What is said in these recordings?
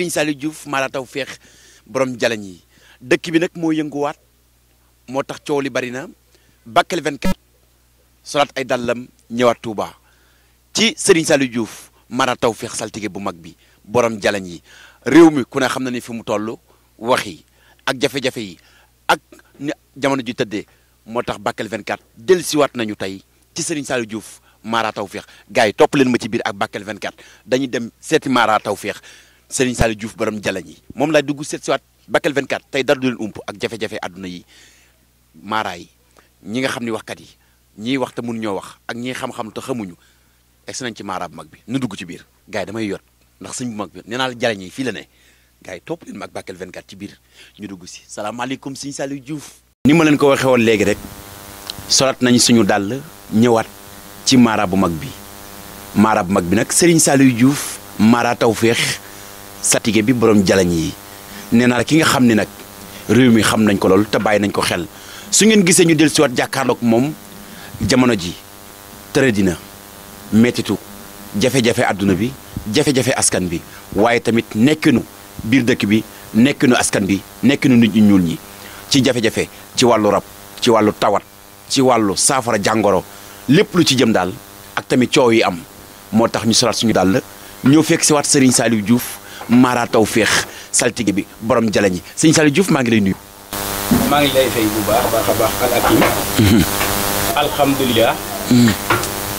Serigne Saliou Diouf maa taw feex borom jalañ yi dëkk bi nag mooy yënguwaat moo tax coow li bari na Bakel 24 solaat ay dàllam ñëwaat Touba ci Serigne Saliou Diouf maa taw feex saltige bu mag bi borom jalañ yi réew mi ku ne xam na ni fi mu toll wax yi ak jafe-jafe yi ak jamono ji tëddee moo tax Bakel 24 dellusiwaat nañu tey ci Serigne Saliou Diouf Mara Tawfekh gars yi topp leen ma ci biir ak Bakel 24 dañuy dem seeti Mara Tawfekh Serigne Saliou Diouf borom jalañ yi moom laa dugg seet siwaat Bakel 24 tey dara du leen ump ak jafe-jafe àdduna yi maaraa yi ñi nga xam ni waxkat yi ñiy wax te mun ñoo wax ak ñi xam-xam te xamuñu egsi nañ ci maaraa bu mag bi nu dugg ci biir gars yi damay yot ndax sëñ bu mag bi nee naa la jalañ yi fii la ne yi topp leen ma ak Bakel 24 biir ñu dugg si salaamaaleykum Serigne Saliou Diouf ni ma leen waxee woon léegi rek solaat nañ suñu dàll ñëwaat ci maaraa bu mag bi maaraa bu mag bi nag Serigne Saliou Diouf maaraa tawféex satige bi borom jalañ yi nee naa ki nga xam ne nag réew mi xam nañ ko lool te bàyyi nañ ko xel su ngeen gisee ñu del siwaat jàkkaarloog moom jamono ji tëre dina mettitu jafe-jafe àdduna bi jafe-jafe askan bi waaye tamit nekkinu biir dëkk bi nekkinu askan bi nekkinu nit ñu ñuul ñi ci jafe-jafe ci wàllu rab ci wàllu tawat ci wàllu saafara jàngoro lépp lu ci jëm daal ak tamit coow yi am moo tax ñu solaat suñu daal la ñëw fekk si waat mara tawfiq saltige bi borom jalañi seigne salou diouf ma ngi lay nuyu ma ngi lay fay bu baax baax baax al akim mhm. alhamdullilah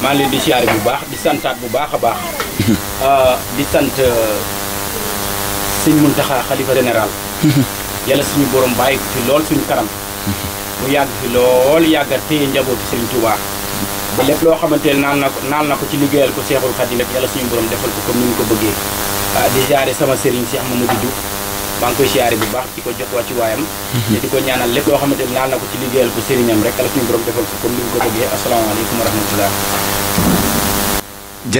ma mhm. leen di siyaare bu baax di santat bu baax baax mhm. ah, euh di seigne muntaha khalifa general yalla suñu borom bayyi ci lool suñu karam mu yàgg fi lool yàgga téye njabootu sëriñ tubaa ba lépp loo xamante naal na na ci liggéeyal ko seexul xadim yàlla suñu borom defal ko comme ko Ah, di jaare sama sëriñ si Amadou Diouf maa bu baax di ko jox wàccu waayam mhm. ko ñaanal lépp loo xamante ni naan na ko ci liggéeyal ko ko comme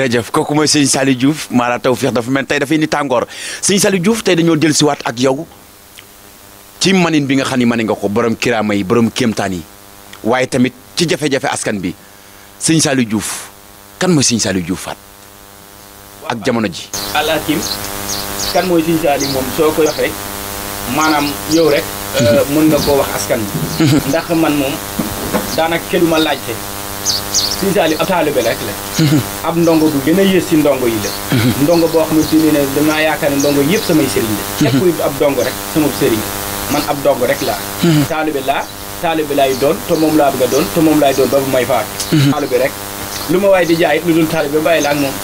ni kooku mooy sëñ Saliou Diouf maanaam tawfeex dafa mel tey dafa indi tàngoor sëñ Saliou Diouf tey dañoo dellu siwaat ak yow ci manin bi nga xam ni mani nga ko borom kiraama yi borom kéemtaan waaye tamit ci jafe-jafe askan bi sëñ Saliou Diouf kan mooy sëñ Saliou Diouf ak jamono ji. alaakim kan mooy Serigne Saliou moom soo koy wax maanaam yow rek. Euh, mën nga koo wax askan bi ndax man moom daanaka kenn du ma laajte. Serigne Saliou ab taalibe rek la. ab ndongo bu gën a yées si ndongo yi la. ndongo boo xamante ne ne damaa yaakaar ne ndongo yëpp samay sëriñ la. nekkul ab ndongo rek sama sëriñ man ab ndongo rek laa. taalibe laa taalibe laay doon te moom laa bëgg doon te moom laay doon ba bu may faat. taalibe rek lu ma waaye di jaay lu dul taalibe bàyyi la ak moom.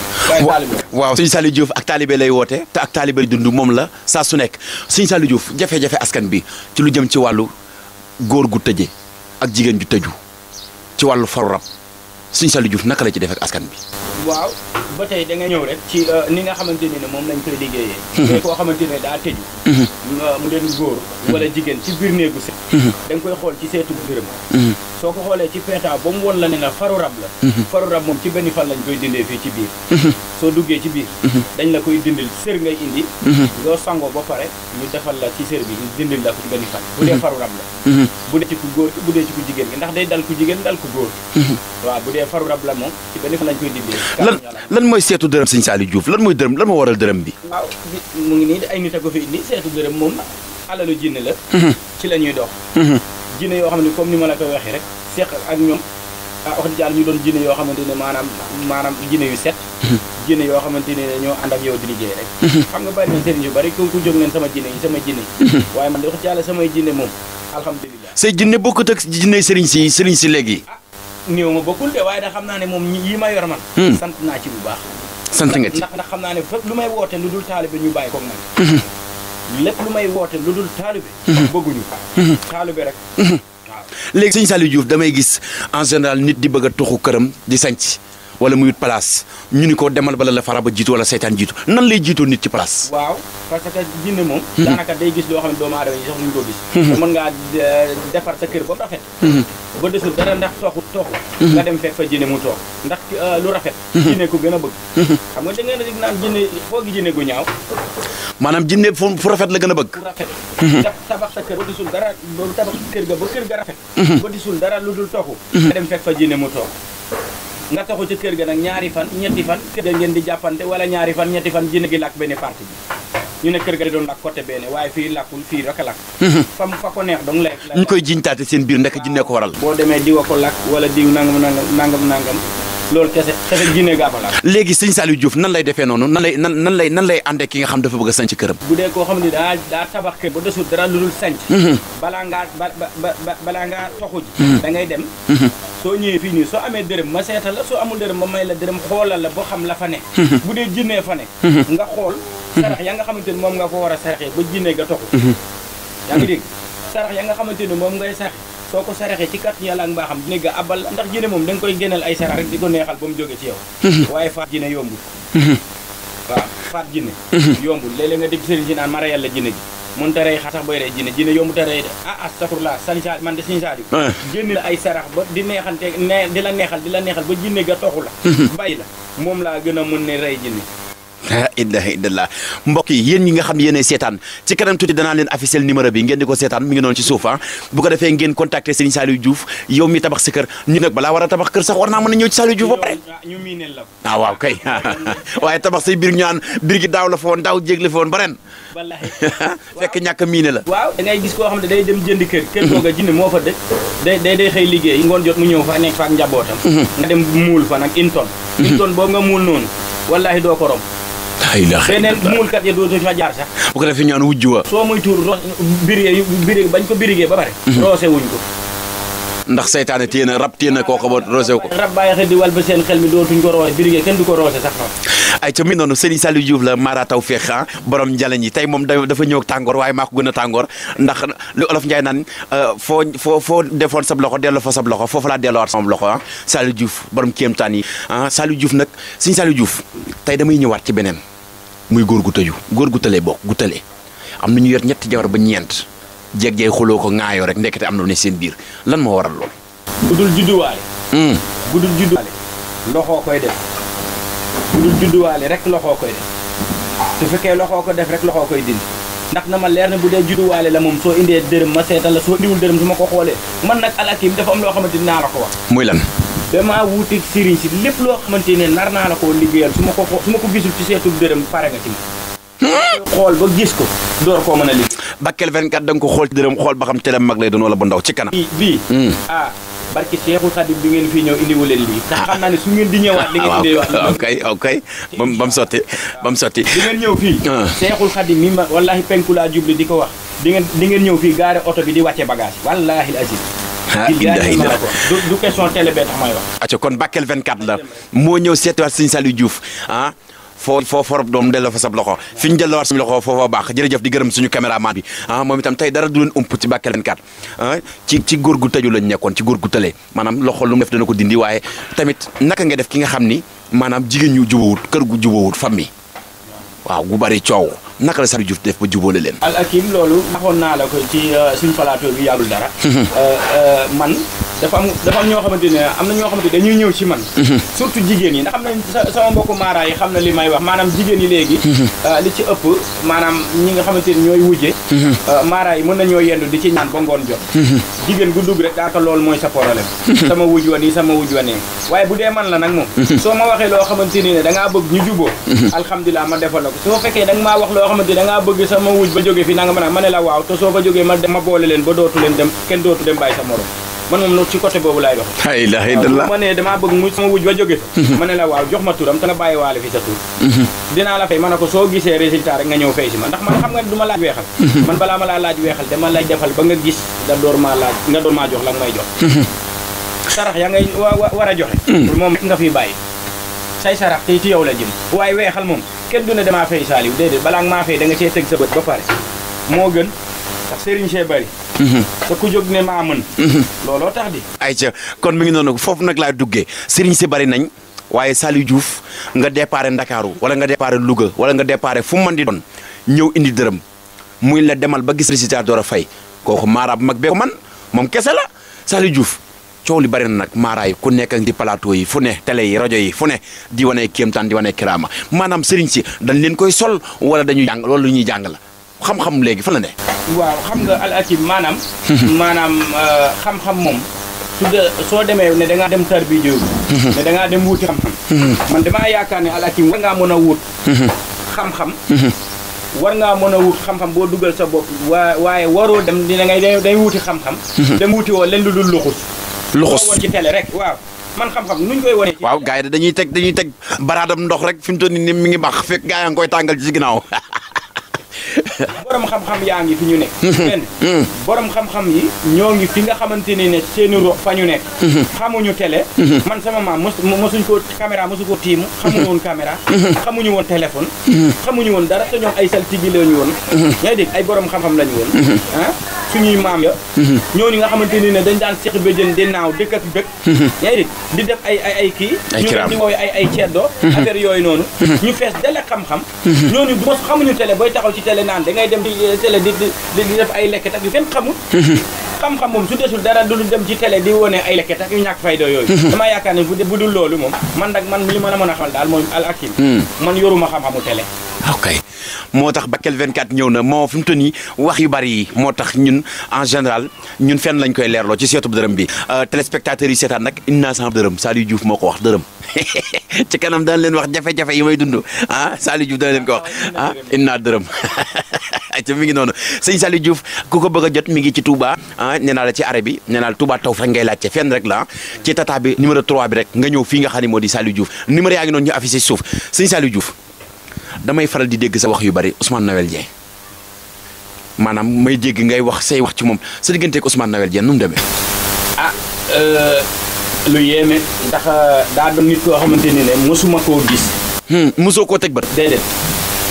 waaw sëñ Saliou Diouf ak taalibe lay woote te ak taalibe dundu moom la saa su nekk sëñ Saliou Diouf jafe-jafe askan bi ci lu jëm ci wàllu góor gu tëje ak jigéen ju tëju ci wàllu faru rab sa Saliou Diouf naka la ci def askan bi. waaw ba tey da nga ñëw rek ci euh, ni nga xamante ni ne moom lañ koy liggéeyee. Mhm. tey koo xamante ne daa tëju. Mhm. mu leen góor. Mhm. wala jigéen ci biir néegu set. da koy xool ci seetu dërëm. soo ko xoolee ci peeta ba mu won la ne la faru rab la. faru rab moom ci benn fan lañ koy dindee fii ci biir. soo duggee ci biir. dañ la koy dindil sër ngay indi. nga sangoo ba pare ñu defal la ci sër bi ñu dindil la ko ci benn fan. bu dee faru rab la. bu dee ci ku góor bu dee ci ku jigéen ndax day dal ku jigéen dal ku góor. waaw bu dee faru rab la moom ci benn fan lañ koy dindi. lan lan mooy seetu dërëm sëñ Saliou Diouf lan mooy dërëm lan moo waral dërëm bi. waaw mu ngi nii ay nit a ko fi indi seetu dërëm moom alalu jinne la. Mhm. ci la dox. Mhm. jinne yoo xam ne comme ma la ko waxee rek seq ak ñoom ah, ne maanaam maanaam jinne yu set. Mhm. jinne yoo xamante ne ñoo ànd ak yow di liggéey rek. xam nga bari na sëriñ yu bari ku jóg leen sama jinne yi sama jinne yi. waaye man de wax dëgg samay jinne moom alhamdulilah. say jinne bokkut ak jinne sëriñ néew ma bokkul de waaye da xam naa ne moom yi ma yor man hmm. sant naa ci bu baax sant nga ci ndax xam naa ne fépp lu may woote lu dul taalibe ñu bàyyi ko man hmm. lépp lu may woote lu dul taalibe hmm. bëgguñu taalibe rek waaw léegi sëñ Saliou Diouf damay gis en général nit di bëgg a tuxu këram di sanc wala muy wut ñu ni ko demal bala la fara ba jiitu wala seytaan jiitu nan lay jiitoo nit ci place. waaw parce que jinne moom. Hmm. daanaka day gis loo xam ne doomu aadama yi sax ñu ko gis. Hmm. te mën ngaa eh, defar sa kër ba mu rafet. Hmm. ba ndax tooxu tooxu. nga dem fekk fa jinne mu toox ndax eh, lu rafet. jinne ko gën a bëgg. xam nga da ngeen di naan jinne foo gi jinne gu ñaaw. maanaam rafet la gën a bëgg. fu rafet. tabax sa disul dara tabax kër ga ba kër ga ba disul dara lu dul tooxu. nga dem fekk fa jinne mu toox nga taxu ci kër ga nag ñaari fan ñetti fan kër ga ngeen di jàppante wala ñaari fan ñetti fan jinne gi làkk benn parti bi ñu ne kër ga di doon làkk côté benn waaye fii làkkul fii rek a làkk mhm. fa ko neex dong lay ñu koy jiñ taate seen biir ndek jinne ko waral boo demee diw a ko làkk wala diw nangam nangam nangam nangam loolu kese kese Guinée Gabon la. léegi sëñ Saliou Diouf nan lay defee noonu nan lay nan lay nan lay àndee ki nga xam dafa bëgg a sanc këram. bu dee koo xam ne daa daa tabax kër ba desul dara lu dul sanc. Mhm. balaa ngaa ba ba ba balaa ngaa toxu ji. Mhm. da ngay dem. Mhm. soo ñëwee fii nii soo amee dërëm ma seetal la soo amul dërëm ma may la dërëm xoolal la boo xam la fa ne. bu dee jinnee fa ne. nga xool. sarax ya nga xamante ni moom nga ko war a saraxee ba jinnee ga toxu. yaa ngi ya nga xamante ni moom ngay sarax soo ko saraxee ci kàttan yàlla ak mbaaxam dina ga abal ndax jinne moom da nga koy génneel ay sarax rek di ko neexal ba mu jóge ci yow mhm. waaye faat jinne yombul mhm. waaw faat jinne mhm. yombul léeg-léeg nga dégg sëriñ si naan mara la jinne ji mun ta rey xar sax booy rey jinne jinne yombu ta rey de ah astaghfirullah sañ sa man de sañ saadi génn la ay sarax ba di neexante ne di la neexal di la neexal ba jinne ga toxu la bàyyi la moom laa gën a mën ne rey jinne Indah indah, illallah mbok yi yéen ñi nga xam yéenay seetaan ci kanam tuuti danaa leen officiel numéro bi ngeen di ko seetaan mi ngi noonu ci suuf ah bu ko defee ngeen contacter Serigne Saliou Diouf yow mi tabax sa kër ñu nag balaa war a tabax kër sax war naa mën a ci Saliou Diouf ba pare ñu la ah waaw kay waaye tabax say biir ñu naan gi daaw la fa woon daaw la fa woon wallahi fekk ñàkk miine la waaw da ngay gis koo xam day dem jënd kër kër googa jinne moo fa dëkk day day day xëy liggéey ngoon jot mu ñëw fa nekk fa ak mhm. nga dem muul fa nag inton, tonne mhm. une nga muul wallahi ko ay la xëy na beneen muulkat ya doo fa jaar sax. bu ko defee bañ ko birigee ba pare. Mhm. roose wuñ ko. ndax seytaane na rab ko. rab bàyyi ko roose birige kenn du ko roose sax ay ca mi noonu Serigne Saliou Diouf la Mara Tawfekh ah borom njalañ yi tey moom dafa ñëw tàngoor waaye maa ko gën tàngoor ndax lu olof Njaay naan euh, foo foo foo defoon sab loxo delloo fa sab loxo foofu laa delloowaat sama loxo ah Saliou Diouf borom kéemtaan yi ah Saliou nag Serigne Saliou Diouf tey damay ñëwaat ci beneen muy góor gu tëju góor gu tëlee boo gu tëlee am na ñu yor ñetti jabar ba ñeent jeeg jeeg xuloo ko ŋaayoo rek ndekete am na lu ne seen biir lan moo waral lool. budul judduwaale. budul hmm. judduwaale. loxoo koy def budul judduwaale rek loxoo koy def su fekkee loxoo ko def rek loxoo koy dindi ndax na ma leer na bu dee judduwaale la moom soo indee dërëm ma seetal la soo indiwul dërëm su ma ko xoolee man nag alakim dafa am loo xamante ni naa la ko wax. muy lan. damaa wuuteeg sëriñ si lépp loo xamante ne nar naa la koo liggéeyal su ma ko ko gisul ci seetub dërëm pare nga ci xool ba gis ko door koo mën a liggéey. Bakel 24 da nga ko xool ci dërëm xool ba xam ca dem mag lay doon wala bu ndaw ci kanam. bii bii. Hmm. ah barki Seexul Xadim bi ngeen fii ñëw indiwu leen lii. ndax xam naa ne su ngeen di ñëwaat. Ah, di ngeen indiwaat waaw ok ok ba mu ba mu sotti ba mu sotti. di ngeen ñëw fii. Seexul ah. Xadim mi ma wallaahi penku laa jubli di ko wax. di ngeen di ngeen ñëw fii gaare oto bi di wàcce bagage. wallaahi al aziz laa ilaaha illallaah du question télé kon Bakel la moo ñëw seetuwaat Sëñ Saliou Diouf ah. foo foo forob doom delloo fa sab loxo fi ñu delloo suñu loxo foofoo baax jërëjëf di gërëm suñu caméraman bi ah, moom itam tey dara du leen ump ci Bakel 24 ah ci ci góor gu tëju lañ nekkoon ci góor gu tëlee maanaam loxo lu mu def dana ko dindi waaye tamit naka nga def ki nga xam ni maanaam jigéen ñu jubawut kër gu jubawut famille waaw gu bari coow naka la Saliou Diouf def ba jubóole leen. al loolu waxoon naa la ko ci euh, suñu plateau bi yàggul dara. Mhm. Euh, euh, man dafa am dafa am ñoo xamante ne am na ñoo xamante dañuy ñëw ci man. Mhm. surtout jigéen yi ndax xam nañ sama mbokku yi xam na li may wax maanaam jigéen yi léegi. Mhm. li ci ëpp maanaam ñi nga xamante ni ñooy wujje. maara yi mën nañoo yendu di ci ñaan ba ngoon jot. jigéen gu dugg rek daanaka loolu mooy sa problème. sama wuj wa nii sama wuj wa nii waaye bu dee man la nag moom. soo ma waxee loo xamante ni ne da bëgg ñu jubóo. alhamdulilah ma defal la ko soo fekkee da maa wax loo loo xamante da ngaa bëgg sama wuj ba jógee fi nanga ma a ma ne la waaw te soo fa jógee ma boole leen ba dootu leen dem kenn dootu dem bàyyi sa morom man moom ci côté boobu laay dox la ilaha illallah ma ne damaa bëgg mu mhm. la waaw jox ma turam te nga bàyyi waale fi sa tur mhm. dinaa la fay ma ne ko soo gisee résultat rek nga ñëw fay si ma ndax man xam nga ne du ma laaj weexal mhm. man balaa ma laa laaj weexal dama lay defal ba nga gis nga door maa laaj nga door maa jox la nga may jox sarax yaa ngay war a joxe moom nga fi bàyyi say te ci yow la jëm waaye weexal moom kenn du ne damaa fay Saliou déedéet balaa nga maa fay da nga cee teg sa bët ba pare moo gën ndax sëriñ see bari mhm. te ku jóg ne maa mën mhm. looloo tax di ay ca kon mu ngi noonu foofu nag laa duggee sëriñ si bari nañ waaye Saliou Diouf nga déparé Ndakaaru wala nga déparé Louga wala nga déparé fu mën di doon ñëw indi dërëm muy la demal ba gis résultat doo a fay kooku maaraab mag bee ko man moom kese la Saliou juuf coow li bari na nag maaraay ku nekk di plateau yi fu ne télé yi rajo yi fu ne di wane kéemtaan di wane kiraama maanaam sëriñ si dañ leen koy sol wala dañuy jàng lu ñuy jàng la xam-xam léegi fa ne. waaw xam nga al akib maanaam. maanaam euh, xam-xam moom. su soo demee ne dem tar bi jiw. ne da ngaa dem wuuti xam-xam. man damaa yaakaar ne al akib war ngaa mën a wut. xam-xam. war ngaa mën a wut xam-xam boo dugal sa bopp waaye waroo dem dina ngay day wuti xam-xam. dem wuti woo leen lu dul luxus. luxus ci télé rek waaw man xam-xam nuñ koy wone waaw gars yi dañuy teg dañuy teg baraadam ndox rek fi mu toll nii mi ngi bax fekk gars yaa koy tàngal ci ginnaaw. borom xam-xam yaa ngi fi ñu nekk. Mm-hmm. benn mm-hmm. borom xam-xam yi ñoo ngi fi nga xamante ni ne seeni ruux fa ñu nekk. Mm-hmm. xamuñu télé. man sama maam mos mosuñ ko caméra mosu ko tiimu. xamuñu woon caméra. xamuñu woon téléphone. xamuñu woon dara te ñoom ay saltigi lañu woon. yaa ngi ay borom xam-xam lañu woon. Ah? suñuy maam ñoo mhm. ñooñu nga xamante ni ne dañ daan seq béjjën di naaw dëkk ak dëkk mhm. di def ay ay kii ñu di ay ay mhm. yooyu noonu ñu fees dale xam-xam ñooñu bu mos xamuñu télé booy taxaw ci télé naan da ngay dem di eh, télé di di def ay lekk tak yu kenn xamul xam-xam moom su desul dara du dem ci télé di wone ay lekk tak yu ñàkk fayda yooyu dama yaakaar ne bu dul loolu moom man nag man li mën a mën a xamal daal mooy al man yoruma xam-xamu tele ok moo tax ba Bakel 24 ñëw na moo fu mu toll nii wax yu bari yi moo tax ñun en général ñun fenn lañ koy leerloo ci seetub dërëm bi euh, téléspectateurs yi seetaan nag inna san dërëm Saliou Diouf moo ko wax dërëm ci kanam daal leen wax jafe-jafe yi may dund ah Saliou Diouf dana leen ko wax ah inna dërëm ci mi ngi noonu sëñ Saliou Diouf ku ko bëgg jot mi ngi ci Touba ah nee naa la ci arrêt bi nee la Touba taw rek ngay laajte fenn rek la ci tata bi numéro 3 bi rek nga ñëw fii nga xam ne moo di Saliou Diouf numéro yaa ngi noonu ñu suuf sëñ Saliou Diouf damay faral di dégg sa wax yu bari Ousmane Noël Dieng maanaam may dégg ngay wax say wax ci moom sa ko Ousmane Noël Dieng nu mu demee. ah euh, lu yéeme ndax euh, daa doon nit koo xamante ni ne mosuma koo gis. Hmm, mosoo koo teg bët. déedéet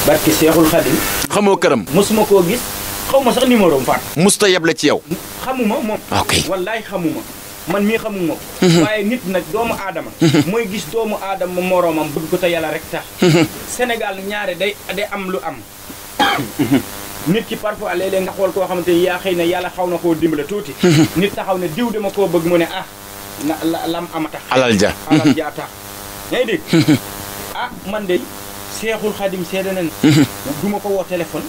barki Seexul Xadim. xamoo këram. mosuma koo gis xaw ma sax numéro am fànn. musta ci yow. xamuma moom. ok wallaay xamuma. man mii xamuma ko mhm. waaye nit nag doomu aadama mooy mhm. gis doomu aadama moroomam bëgg ko te yàlla rek tax mhm. Sénégal ñaare day day am lu am nit ki parfois léeg-léeg nga xool koo xamante ni yaa xëy na yàlla xaw na koo dimbale tuuti nit taxaw ne diw dama koo bëgg mu ne ah la la am a tax alal ja alal ja tax yaa ngi dégg ah man de seexul xadim seede na ne du ma ko woo téléphone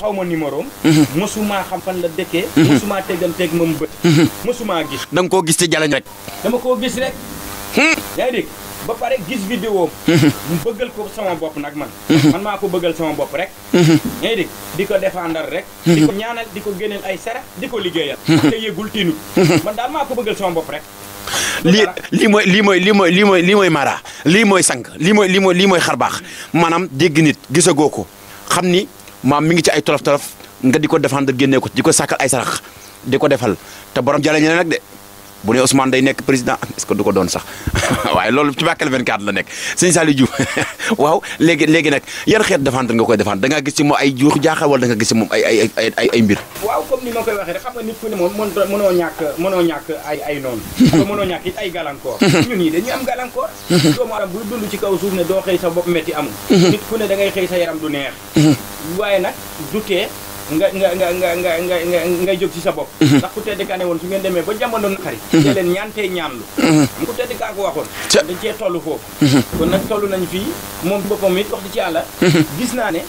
xaw ma numéro am. Mhm. mësuma xam fan la dëkkee. Mhm. mësuma ma moom bët. Mhm. mësuma gis. da nga koo gis ci jalañ rek. dama koo gis rek. Hmm. yaa ngi dégg ba pare gis vidéo mu bëggal ko sama bopp nag man. man maa ko bëggal sama bopp rek. yaa ngi di ko défendre rek. di ko ñaanal di ko génneel ay sara di ko liggéeyal. te yëgul tiinut. man daal maa ko bëggal sama bopp rek. lii lii mooy lii mooy lii mooy lii mooy lii mooy mara lii mooy sang lii mooy lii mooy lii mooy xarbaax maanaam dégg nit gisagoo ko xam ni. maam mi ngi ci ay tolof tolof nga di ko défendre génnee ko di ko sàkkal ay sarax di ko defal te borom jale ñeneen nag de bu ne Ousmane day nekk président est que du ko doon sax waaye loolu ci Bakel 24 la nekk sëñ Saliou Diouf waaw léegi léegi nag yar xeet défendre nga koy défendre da ngaa gis ci moom ay juux jaaxal wala da nga gis ci moom ay ay ay ay mbir. waaw comme ni ma koy waxee rek xam nga nit ku ne moom mënoo ñàkk mënoo ñàkk ay ay noonu. ba mënoo ñàkk it ay gàllankoor. ñun ñii dañuy am gàllankoor. nit ku ne da ngay sa yaram du neex. waaye nag du nga nga nga nga nga nga nga ngay jóg ci sa bopp mhm. ndax ku tedd kaa ne woon su ngeen demee ba jamono naqari te mhm. leen ñaantee ñaanlu mhm. am ku tedd kaa ko waxoon dañ kon nag toll nañ fii moom boppam it wax di ci yàlla gis naa ne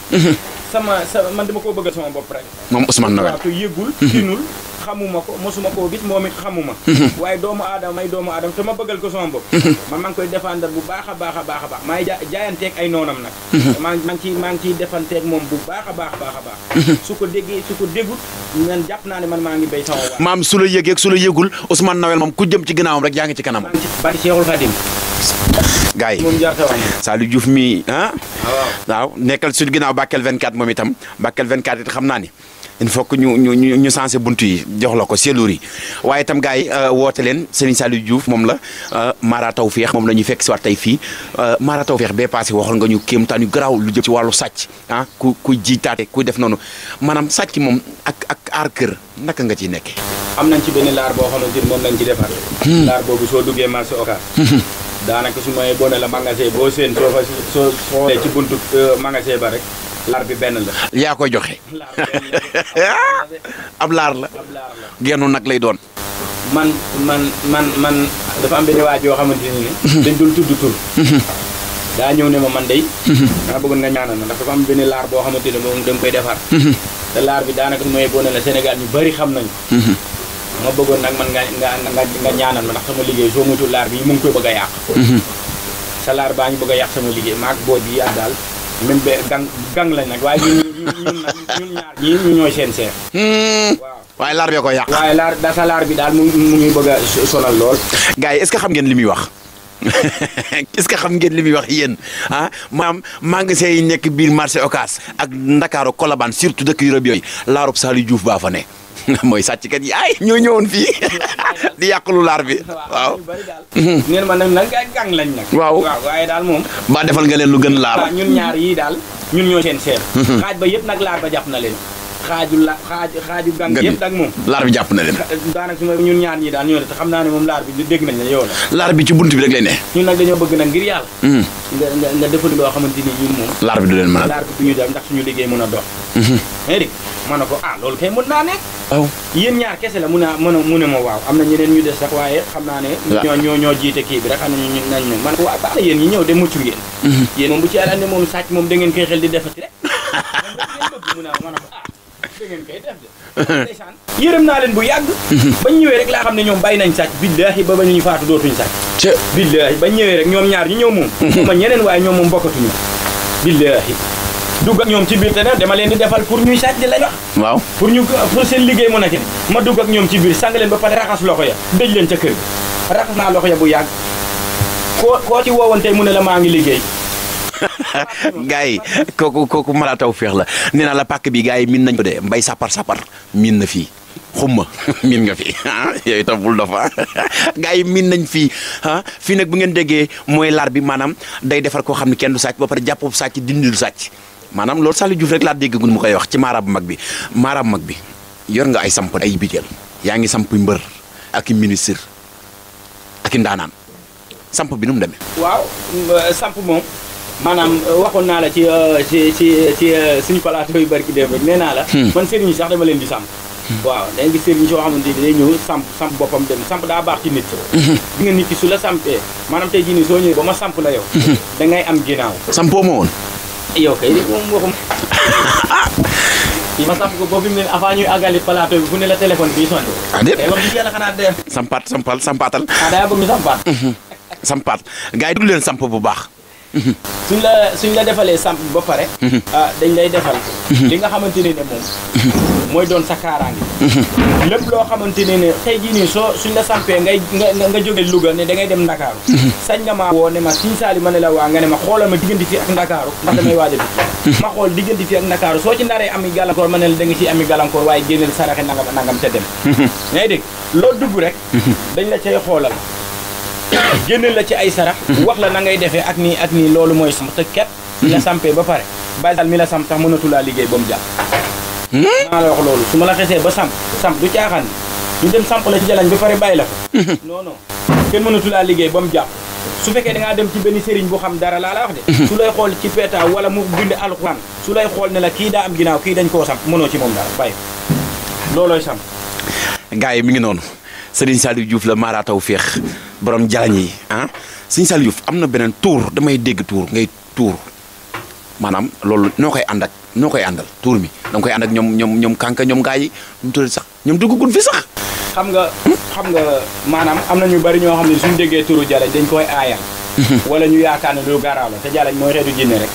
sama sa man dama koo bëggal sama bopp rek moom Ousmane Noël waaw te yëgul kiinul xamuma ko mosuma koo gis moom it xamuma mhm. waaye doomu aadama may doomu aadama te ma bëggal ko sama bopp mhm. man maa ngi koy défendre bu baax a baax a baax a ay noonam nag mhm. maa ngi ngi ciy defanteeg moom bu baax baax a baax baax su ko déggee su ko déggut man jàpp naa ne man maa ngi bay sama waa maam su la yëgeeg su la yëgul Ousmane moom ku jëm ci ginnaawam rek yaa ngi ci kanam bari Cheikhul Khadim gaay Saliou Diouf mi ah waaw nekkal suñu ginnaaw Bakel 24 moom itam Bakel 24 it xam naa ni il faut que ñu ñu ñu ñu sensé bunt yi jox la ko seluur yi waaye itam gars yi euh, woote leen Serigne Saliou Diouf moom la euh, Mara Tawfeex moom la ñu fekk si waat tey fii euh, Mara Tawfeex bee passé waxoon nga ñu kéemtaan yu garaaw lu jëm ci wàllu sàcc ah ku kuy jiitaate kuy def noonu maanaam sàcc moom ak ak aar kër nak nga ci nekkee. am nañ ci ben lar bo xamante dir mom lañ ci defar. Hmm. lar boobu soo duggee marché Ocass. Hmm. daanaka su ma yee bone la magasin boo seen soo fa so soo ci buntu magasin ba rek. lar bi benn la. yaa koy joxe. ab laar la. gennu nag lay doon. man man man man dafa am benn waaj yoo xamante ne. Mhm. dañ dul tudd tur. Mhm. daa ñëw ne ma man day mhm. dama bëggoon nga ñaanal ma ndax dafa laar boo xamante ne moom da nga koy defar. te laar bi daanaka mooy boo ne la bari xam nañu. ma bëggoon nag man nga nga nga ñaanal ma ndax sama liggéey soo moytuwul laar bi mu ngi koy bëgg a yàq. sa laar baa ngi bëgg a yàq sama liggéey maag boo bi ak daal. même be gang gang lañ nag waaye ñun ñun ñun ñaar ñii ñu ñooy seen seex. Hmm. waaye laar bee ko yàq. waaye laar data laar bi daal mu ngi mu ngi bëgg a sonal lool. gaay yi est que xam geen li muy wax. est-ce que xam ngeen li muy wax yéen ah maam magasin yi nekk biir marché Ocass ak Ndakaaru Colobane surtout dëkk yu rëbb yooyu laarub Saliou Diouf baa fa ne mooy sàcckat yi ay ñoo ñëwoon fii di yàqulu laar bi waaw. ngeen ma nag nag ay gang lañ nag. waaw waaw waaye daal moom. mbaa defal nga leen lu gën laar. ñun ñaar daal ñun ñoo seen seet. xaaj ba yëpp nag laar ba jàpp na leen. xaaju la xaaju xaaju gang yëpp dag moom laar bi jàpp na leen daanaka su ma ñun ñaar ñii daan ñoo ne te xam naa ne moom laar bi dégg nañ la yow laar bi ci bunt bi rek lay ñun nag dañoo bëgg nag ngir yàlla hmm. nga nga nga loo xamante ñun moom laar bi du leen mën a laar bi ñu def ndax suñu a dox mais hmm. dégg ma ne ko ah loolu kay mën naa nekk waaw ñaar kese la a a mu ne ma waaw am na ñeneen ñu des sax waaye xam naa ne ñoo jiite kii bi rek xam ne man ko waaw baax na yéen ñi ñëw de mucc hmm. da ngeen koy xel man ngeen bëgg mu ne ma ne ah. yërëm naa leen bu yàgg bañ ñëwee rek laa xam ne ñoom bàyyi nañ sàcc billaahi ba ba ñu faatu dootuñ sàcc billaahi bañ ñëwee rek ñoom ñaar ñu ñëw moom ma ñeneen waaye ñoom moom bokkatuñu billaahi dugg ak ñoom ci biir te ne dama leen di defal pour ñuy sàcc lañ wax waaw pour ñu pour seen liggéey mën a ci ma dugg ak ñoom ci biir sang leen ba pare raxas loxo ya dëj leen ca kër gi raxas naa loxo ya bu yàgg koo koo ci woowoon tey mu ne la maa ngi liggéey gay yi kooku kooku mala taw féex la nena la pak bi gay min nañ ko de mbay sapar sapar min na fi xuma min nga fi ah yooyu bul dofa gay min nañ fi ha fi nak bu ngeen dege moy lar bi manam day defar ko xamni kenn du sacc ba par jàpp sacc dindil sacc manam maanaam loolu juuf rek la dege gun mu koy wax ci marab mag bi marab mag bi yor nga ay samp ay bidel yaa samp mbeur ak ministre ak i samp bi num demé waw samp mom maanaam euh, waxoon naa la ci euh, ci ci ci euh, suñu plateau yu bari ki def rek naa la. Hmm. man sëriñ yi sax dama leen di sàmp. Hmm. waaw da nga soo xamante ni day ñëw samp samp boppam dem samp daa baax ci nit. di hmm. nga nit ki su la sampee maanaam samp la yow. da ngay am ginnaaw. sampoo ma woon. yow kay moom waxum. Ah. ma samp ko boobu mu ne avant ñuy àggali plateau bu fu ne la téléphone bii sonné. ah déet wax dëgg yàlla xanaa dee. sampaat sampal sampaatal. ah daa bëgg ñu sampaat. Mhm. sampaat gars yi leen samp bu baax. suñ la suñ la defalee samp ba pare mhm. ah, dañ lay defal mhm. li nga xamante ne ne moom mhm. mooy doon sa kaaraange lépp loo xamante ni ne tey jii nii soo suñ la sampee ngay nga nga jóge Louga ne da ngay dem Ndakaaru sañ nga maa woo ne ma siñ saali ma ne la waa nga ne ma xoolal ma diggante fi ak Ndakaaru ndax damay waaj ma xool diggante fi ak Ndakaaru soo ci naree ami gàllankoor ma ne la da nga ciy ami gàllankoor waaye génneel saraxe nangam nangam te dem ngay dégg loo dugg rek la cay génneel la ci ay sarax mm-hmm. wax la na ngay defee ak nii ak nii loolu mooy samp te ket nga mm-hmm. sampee ba pare bàyyi mi la samp tax mënatulaa liggéey ba mu jàpp hmm? maa la wax loolu su ma la xesee ba samp samp du caaxaan ñu dem samp la ci jalañ pare bàyyi la fa mm-hmm. non non kenn mënatulaa liggéey ba mu jàpp su fekkee da dem ci benn sëriñ bu xam dara laa la wax de su lay xool ci peeta wala mu bind alxuraan su lay xool ne la kii daa am ginnaaw kii dañ koo samp mënoo ci moom dara bàyyi loolooy samp gars yi mi ngi noonu Serigne Saliou Diouf la Mara feex borom jalañ yi ah Serigne Saliou Diouf am na beneen tuur damay dégg tuur ngay tuur maanaam loolu noo koy ànd ak noo koy àndal tuur mi da koy ànd ak ñoom ñoom ñoom kànka ñoom gaa yi ñu tuddee sax ñoom duggagul fi sax. xam nga xam nga maanaam am na ñu bari ñoo xam ne suñu déggee turu jalañ dañ koy aayal. Mhm. wala ñu yaakaar ne lu garaaw la te jalañ mooy xeetu jinne rek.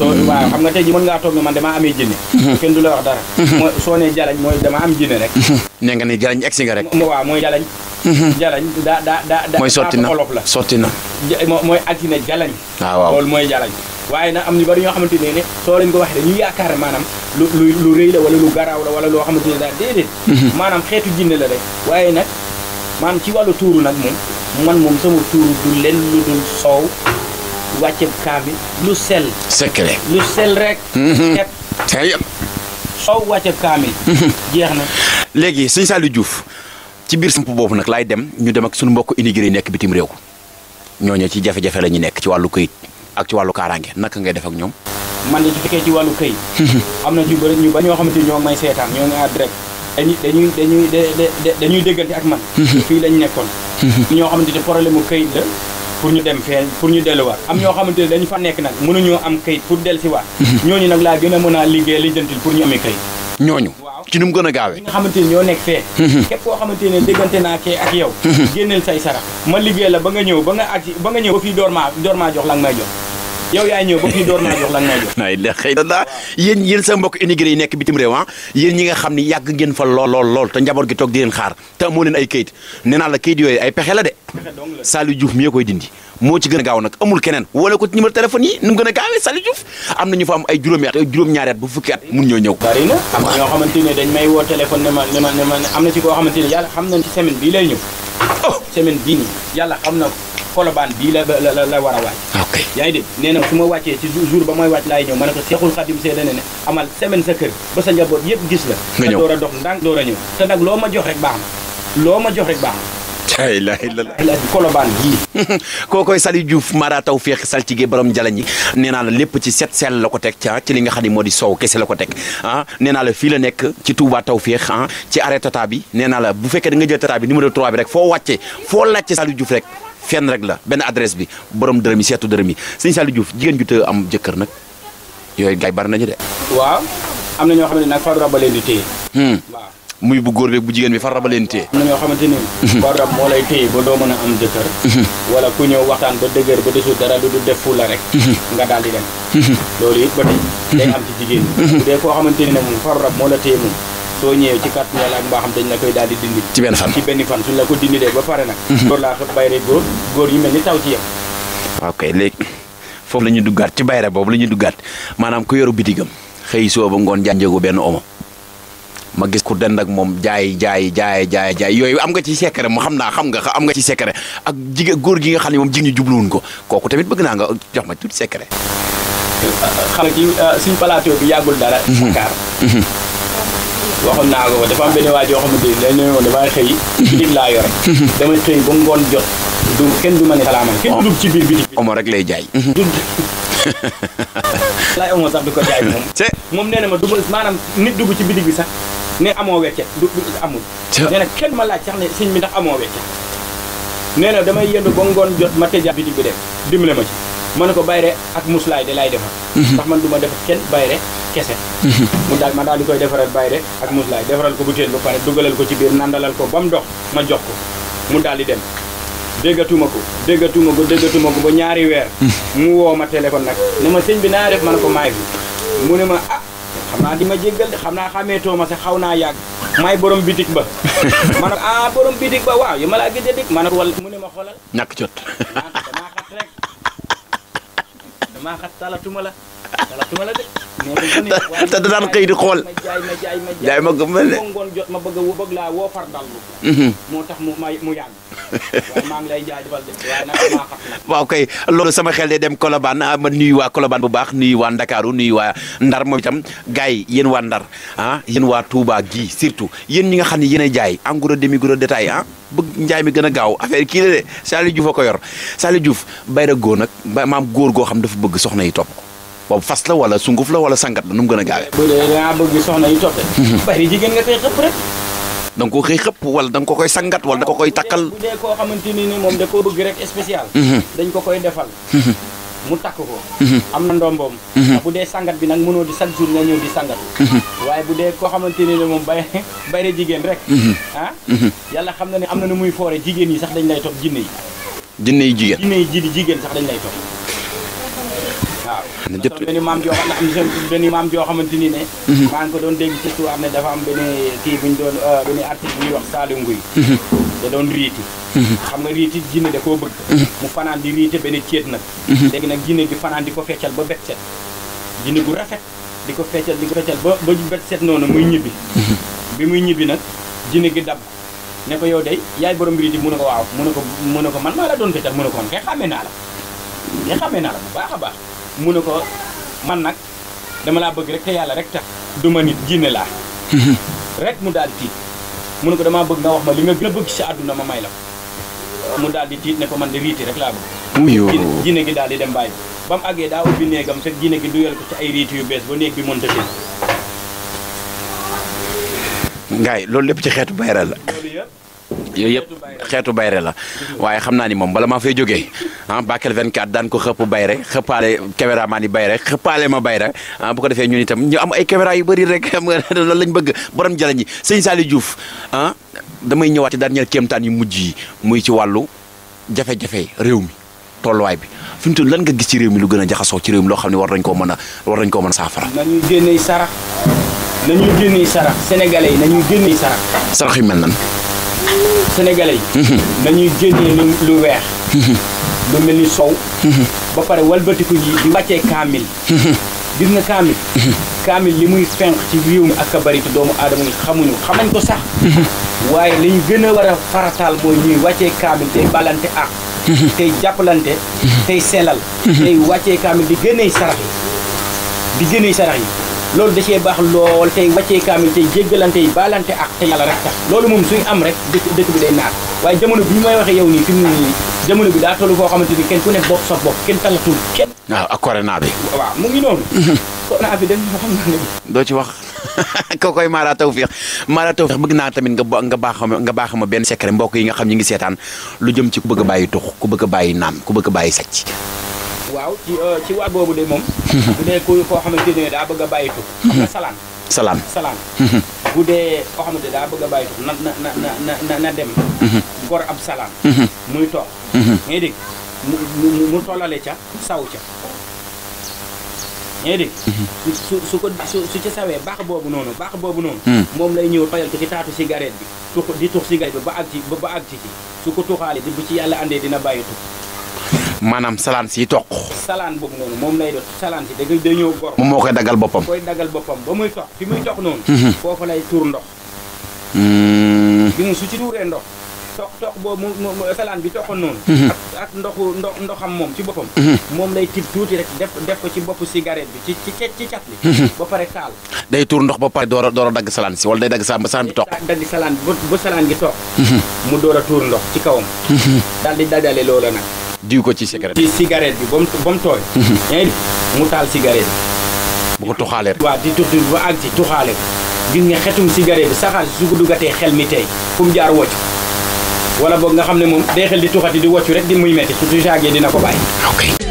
soo hmm. waaw xam nga tey ji mën ngaa toog ne man damaa amee jinne hmm. kenn du la wax dara hmm. mooy soo nee jalañ mooy dama am jinne rek ne nga ne jalañ egsi nga rek mooy jalañ jalañ daa daa daa mooy sotti na olof la sotti na mooy agsi na jalañ ah, waaw loolu mooy jalañ waaye nag am ñu bari ñoo xamante ne ne soo leen ko waxee dañuy yaakaar maanaam lu lu rëy la wala lu garaaw la wala loo xamante ne daal déedéet maanaam xeetu jinne la rek waaye nag maanaam ci wàllu tuuru nag moom man moom sama tuuru du leen lu dul soow wàcce kaamil lu sel secret lu sell rek. Mhm. teg tey. soo wàcce kaamil. Mhm. jeex na. léegi sëñ Saliou juuf ci biir samp boobu nag laay dem ñu dem ak suñu mbokk immigré yi nekk bitim réew ñooñu ci jafe-jafe la ñu nekk ci wàllu këyit ak ci wàllu kaaraange naka ngay def ak ñoom. man de su fekkee ci wàllu këyit. Mhm. am na ci bëri ñu ba ñoo xamante ni ñoo may seetaan ñoo ngi ànd rek. dañuy dañuy dañuy dañuy déggante ak man. fii lañu nekkoon. ñoo xamante ni problème mu la. pour ñu dem fee pour ñu delluwaat am ñoo xamante ne dañu fa nekk nag mënuñoo am kayit pour dellusiwaat ñooñu nag laa gën a mën a liggéey lijjantil pour ñu amee kayit ñooñu ci nu gën a gaawee ñoo nekk fee képp koo xamante ne déggante naa kee ak yow génneel say sarax ma liggéey la ba nga ñëw ba nga agsi ba nga ñëw ba fii door maa jox la nga may jox yow yaay ñëw ba fii door naa jox lan ngay jox. naay la xëy na yéen yéen sa mbokk immigré yi nekk bitim réew ah yéen ñi nga xam ni yàgg ngeen fa lool lool lool te njaboot gi toog di leen xaar te amoo leen ay kayit nee yooyu ay pexe la de. Saliou Diouf mi koy dindi moo ci gën a gaaw nag amul keneen wala ko ci numéro téléphone yi nu gën a gaawee Saliou Diouf am na ñu fa am ay juróomi at ay juróom-ñaari at bu fukki at mun ñoo ñëw. bari am na ne dañ may woo téléphone ma ne am na ci koo xamante ne yàlla xam nañ ci semaine bii lay oh. bii yàlla xam na Colobane bii la la la war a waaj. yaa ngi dégg nee na su ma wàccee ci jour ba mooy wàcc laay ñëw ma ne ko Seexul Xadim seede ne ne amal semaine sa kër ba sa njaboot yëpp gis la. nga door a dox ndànk door a ñëw te nag loo ma jox rek baax loo ma jox rek baax la ban gi ko koy sali Diouf Mara taw feex saltige borom jalañ yi nee naa la lepp ci set sel lako tek ci ci li nga xani ne sow di lako tek la neena ah la fi la nek ci Touba taw fiix ah ci arrêt tata bi neena la bu fekkee da nga jël tata bi numéro 3 bi rek foo wàcce foo laajte sali Diouf rek fenn rek la ben adresse bi borom dërëm setu seetu seigne sali sëñ Saliou Diouf jigéen ju te am jëkkër nak yoy gay bar nañu de waaw am ño ñoo nak ne dara fadura ba leen di hmm. waaw muy bu góor beeg bu jigéen bi far raba leen téye am na ñoo xamante ni ba rab moo lay téye ba doo mën a am jëkkër wala ku ñëw waxtaan ba dëgër ba desul dara lu du def fu la rek nga daal di dem loolu it ba tey day am ci jigéen bi bu dee ne moom moo la téye soo ñëwee ci kàttan yàlla ak mbaaxam dañ la koy daal di dindi ci benn fan ci ko dindilee ba pare nag mhm. loolu laa ni taw ci yow foofu la ñuy duggaat ci bayre boobu la ñuy duggaat maanaam ku yoru bitigam xëy soo ba ngoon jànjeegu benn omo ma gis ku dend ak moom jaay jaay jaay jaay jaay yooyu am nga ci secret mu naa xam nga am nga ci secret ak jigéen góor ne moom jig ñu jubluwun ko kooku tamit bëgg naa nga jox ma tuuti secret. xam nga ci suñ plateau bi yàggul dara. Dakar. Mhm. Mhm. waxoon naa ko dafa am benn waaj yoo xamante ne dañu ne damay xëy. Mhm. bitig laa yore. damay xëy ba ngoon jot. du kenn du ma ne xalaamal kenn du ci biir bitig bi. omo rek lay jaay. du laay omo sax du ko jaay moom. moom nee na ma dugal maanaam nit dugg ci bitig bi sax. ne amoo weccet du amul. nee na kenn ma laaj sax ne sëñ bi ndax amoo weccet. nee na damay yendu ba ngoon jot ma tëjaat bitig bi dem dimbale ma ci. ma ne ko bayre ak muslaay de laay defar. Mhm. ndax man du ma def kenn bayre kese. Mhm. mu daal ma daal di koy defaral bayre ak muslaay defaral ko bu teel ba pare dugalal ko ci biir nandalal ko ba mu dox ma jox ko mu daal di dem. déggatuma ko déggatuma ko déggatuma ko ba ñaari weer. Mhm. mu woo ma téléphone nag ne ma sëñ bi naa def ma ne ko maay mu ne ma ah. xam naa di ma jéggal de xam naa xamee tooma sax xaw naa yàgg may boroom bitik ba ma ne ko bitik ba waaw yi ma laa gëj a dikk ma ne ko wala mu ne ma xoolal ñàkk talatuma la talatuma la de te da daan xëy di xool ma jaay ma jaay ma jaay ngoon jot ma bëgg a bëgg laa woo far dallu mhm. moo tax mu may mu yàgg waaw kay loolu sama xel de dem Colobane ah ma nuyu waa Colobane bu baax nuyu waa Ndakaaru nuyu waa Ndar moom tam gars yi yéen waa Ndar ah yéen waa Touba gii surtout yéen ñi nga xam ne yéen a jaay en gros demi gros détail ah, bëgg njaay mi gën a gaaw affaire kii la de Saliou Diouf a ko yor Saliou Diouf bayra góor nag maam góor goo xam dafa bëgg soxna yi topp ko fas la wala sunguf la wala sangat la nu mu gën a gaawee. bu dangaa bëgg soxna yi topp. bari jigéen nga tey xëpp rek. da nga ko koy xëpp wala da ko koy sangat wala da ko koy takkal. bu dee koo xamante ni moom da koo bëgg rek spécial. Mhm. dañ ko koy defal. Mhm. mu takk ko. Mhm. am na ndomboom. bu dee sangat bi nag mënoo di chaque jour nga ñëw di sangat. waaye bu dee koo xamante ne moom bay bayre jigéen rek. ah. yàlla xam na ne am na nu muy foore jigéen yi sax dañ lay topp jinne yi. jinne yi jigéen jinne yi jigéen sax dañ lay topp. na jot benn maam joo xam ne benn maam joo xamante ni ne mhm. maa ngi ko doon dégg ci tubaab ne dafa am benn kii bu ñu doon euh, benn artiste bu ñuy wax Saliou Nguy mhm. da doon riiti mhm. xam nga riiti jinne da koo bëgg mu fanaan di riite benn céet nag léegi nag jinne di fanaan di ko feccal ba bet set jinne bu rafet di ko feccal di ko feccal ba ba bet set noonu muy ñibbi bi muy ñibbi nag jinne gi dab ne ko yow day yaay borom riiti mun ne ko waaw mu ne ko mu ne ko man maa la doon feccal mu ne ko man te xàmmee naa la kay xàmmee naa la bu baax a baax mu ne ko man nag dama laa bëgg rek te yàlla rek tax du ma nit jinne laa rek mu daal tiit mu ne ko damaa bëgg nga wax ma li nga gën a bëgg si àdduna ma may la ko mu daal di tiit ne ko man de riiti rek laa bëgg jinne gi daal di dem bàyyi ba mu àggee daa ubbi néegam te jinne gi duyal ko ci ay riiti yu bees ba néeg bi mënta tëj ngaay loolu lépp ci xeetu bayra la yooyu yëpp xeetu bayre la waaye xam naa ni moom bala maa fay jógee ah Bakel 24 daan ko xëpp bayre xëppaale caméraman yi bayre xëppaale ma bayre ah bu ko defee ñun itam ñu am ay caméra yu bari rek xam nga loolu lañ bëgg borom jalañ yi sëñ Saliou Diouf ah, damay ñëwaat ci dernier kéemtaan yu mujj yi muy ci wàllu jafe-jafe réew mi tolluwaay bi fi mu toll lan nga gis réew mi lu gën a jaxasoo ci réew loo xam ne war nañ koo mën a war nañ koo mën a saafara. nañuy génnee sarax nañuy génnee yi nañuy génnee sarax. sarax mel nan. sénégalais yi nañuy génnee lu weex lu mel ni sow ba pare walbatiku yi di wàccee kaamil gis nga kaamil kaamil li muy fenq ci réew mi ak a bari te doomu aadama yi xamuñu nañ ko sax waaye lañuy ñu gën a war a farataal mooy ñuy wàccee kaamil tey balante ak tey jàppalante tey selal tey wàccee kaamil di génnee sarax yi di génnee sarax yi loolu da cee baax lool tey wàccee kaamil tey jéggalante yi baalante ak te yàlla rek tax loolu moom suñ am rek dëkk bi day naat waaye jamono bi may waxee yow nii fi nii jamono bi daa toll foo xamante ni kenn ku nekk bopp sa bopp kenn talatul kenn. waaw ak corona bi. waaw mu ngi noonu. Mhm. doo ci wax kookoy Mara Tawfekh Mara Tawfekh bëgg naa tamit nga nga baaxama nga baaxama benn secret mbokk yi nga xam ñu ngi seetaan lu jëm ci ku bëgg a bàyyi tux ku bëgg bàyyi naam ku bëgg a bàyyi sàcc waaw ci euh, ci waat boobu de moom. bu dee ku koo xamante ne daa bëgg bàyyi tur. xam nga salaan. salaan salaan. bu dee koo xamante daa bëgg a bàyyi tur na na na dem. gor ab salaan. muy toog. ngay dégg mu mu tollale ca saw ca. yaa ngi su su ko su su sawee baax boobu noonu baax boobu noonu. Hmm. moom lay ñëw fayal ko ci taatu cigarette bi. tux di tux cigarette bi ba àgg ci ba àgg ci su ko tuxaale bu ci yàlla àndee dina bàyyi tux. maanaam salaan si toq salaan boobu noonu moom lay def salaan si da dañoo gor moom moo koy dagal boppam koy dagal boppam ba muy toq fi muy toq noonu mhm. foofu lay tuur ndox bi mm. mu su ci tuuree ndox toq toq boobu salaan bi toqoon noonu mhm. ak ndoxu ndox ndoxam moom ci boppam mhm. moom lay tuuti rek def def ko ci bopp cigarette bi ci ci ci ba pare taal day tuur ndox ba door door dagg salaan si wala day dagg salaan ba salaan bi toq dagg salaan ba salaan gi toq mu door a tuur ndox ci kawam daal di dajale loola nag diw ko ci cigarette bi. ci cigarette bi ba mu ba mu tooy. yaa ngi mu taal cigarette bi. bu ko tuxaalee rek. waaw di tux ba àgg ci tuxaale ko gis nga xetum cigarette bi saxaar si su ko dugatee xel mi tey fu mu jaar wocc wala boog nga xam ne moom day xel di tuxati di woccu rek di muy metti su su jaagee dina ko bàyyi.